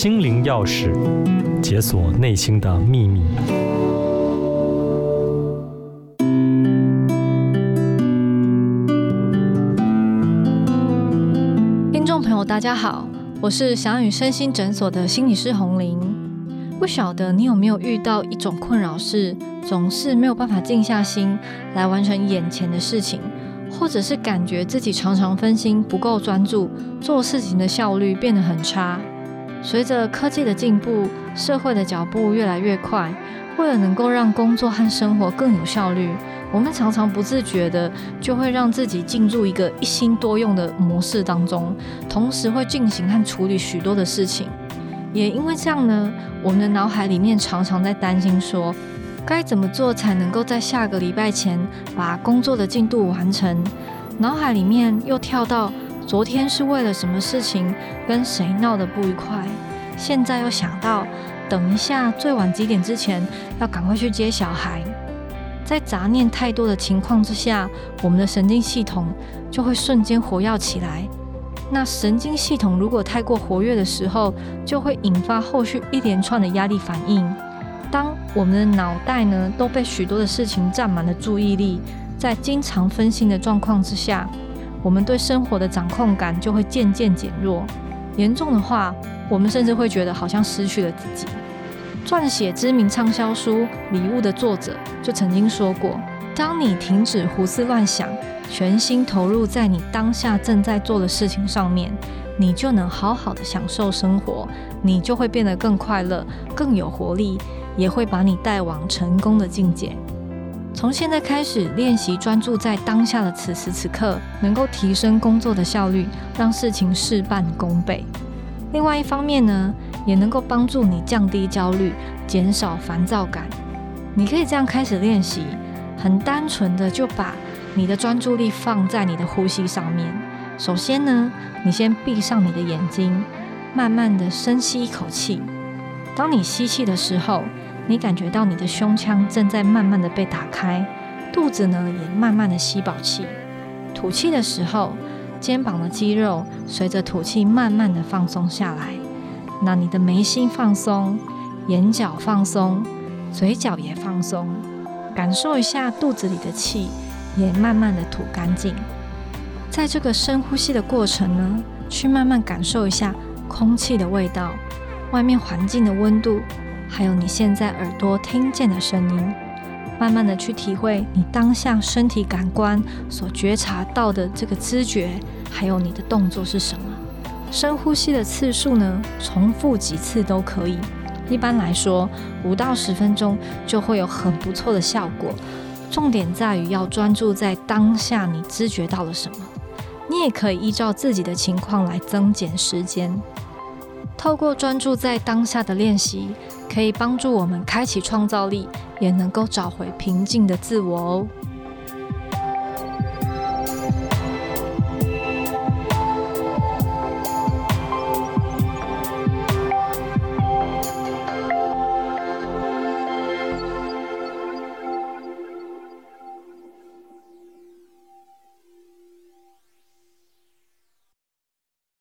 心靈鑰匙，解鎖內心的秘密。聽眾朋友，大家好，我是翔宇身心診所的心理師洪玲。不曉得你有沒有遇到一種困擾，是總是沒有辦法靜下心來完成眼前的事情，或者是感覺自己常常分心，不夠專注，做事情的效率變得很差。隨着科技的進步，社會的腳步越來越快。為了能夠讓工作和生活更有效率，我們常常不自覺地就會讓自己進入一個一心多用的模式當中，同時會進行和處理許多的事情。也因為這樣呢，我們的腦海裡面常常在擔心說，該怎麼做才能夠在下個禮拜前把工作的進度完成？腦海裡面又跳到。昨天是為了什麼事情跟誰鬧得不愉快？現在又想到，等一下最晚幾點之前要趕快去接小孩。在雜念太多的情況之下，我們的神經系統就會瞬間活躍起來。那神經系統如果太過活躍的時候，就會引發後續一連串的壓力反應。當我們的腦袋呢，都被許多的事情占滿了注意力，在經常分心的狀況之下，我們對生活的掌控感就會漸漸減弱，嚴重的話，我們甚至會覺得好像失去了自己。撰寫知名暢銷書《禮物》的作者就曾經說過：“當你停止胡思亂想，全心投入在你當下正在做的事情上面，你就能好好的享受生活，你就會變得更快樂、更有活力，也會把你帶往成功的境界。”從現在開始練習專注在當下的此時此刻，能夠提升工作的效率，讓事情事半功倍。另外一方面呢，也能夠幫助你降低焦慮，減少煩躁感。你可以這樣開始練習，很單純的就把你的專注力放在你的呼吸上面。首先呢，你先閉上你的眼睛，慢慢的深吸一口氣。當你吸氣的時候，你感覺到你的胸腔正在慢慢的被打開，肚子呢也慢慢的吸飽氣，吐氣的時候，肩膀的肌肉隨着吐氣慢慢的放鬆下來。那你的眉心放鬆，眼角放鬆，嘴角也放鬆，感受一下肚子裡的氣也慢慢的吐乾淨。在這個深呼吸的過程呢，去慢慢感受一下空氣的味道，外面環境的溫度。還有你現在耳朵聽見的聲音，慢慢的去體會你當下身體感官所覺察到的這個知覺，還有你的動作是什麼。深呼吸的次數呢，重複幾次都可以。一般來說，五到十分鐘就會有很不錯的效果。重點在於要專注在當下，你知覺到了什麼。你也可以依照自己的情況來增減時間。透過專注在當下的練習，可以幫助我們開啟創造力，也能夠找回平靜的自我哦。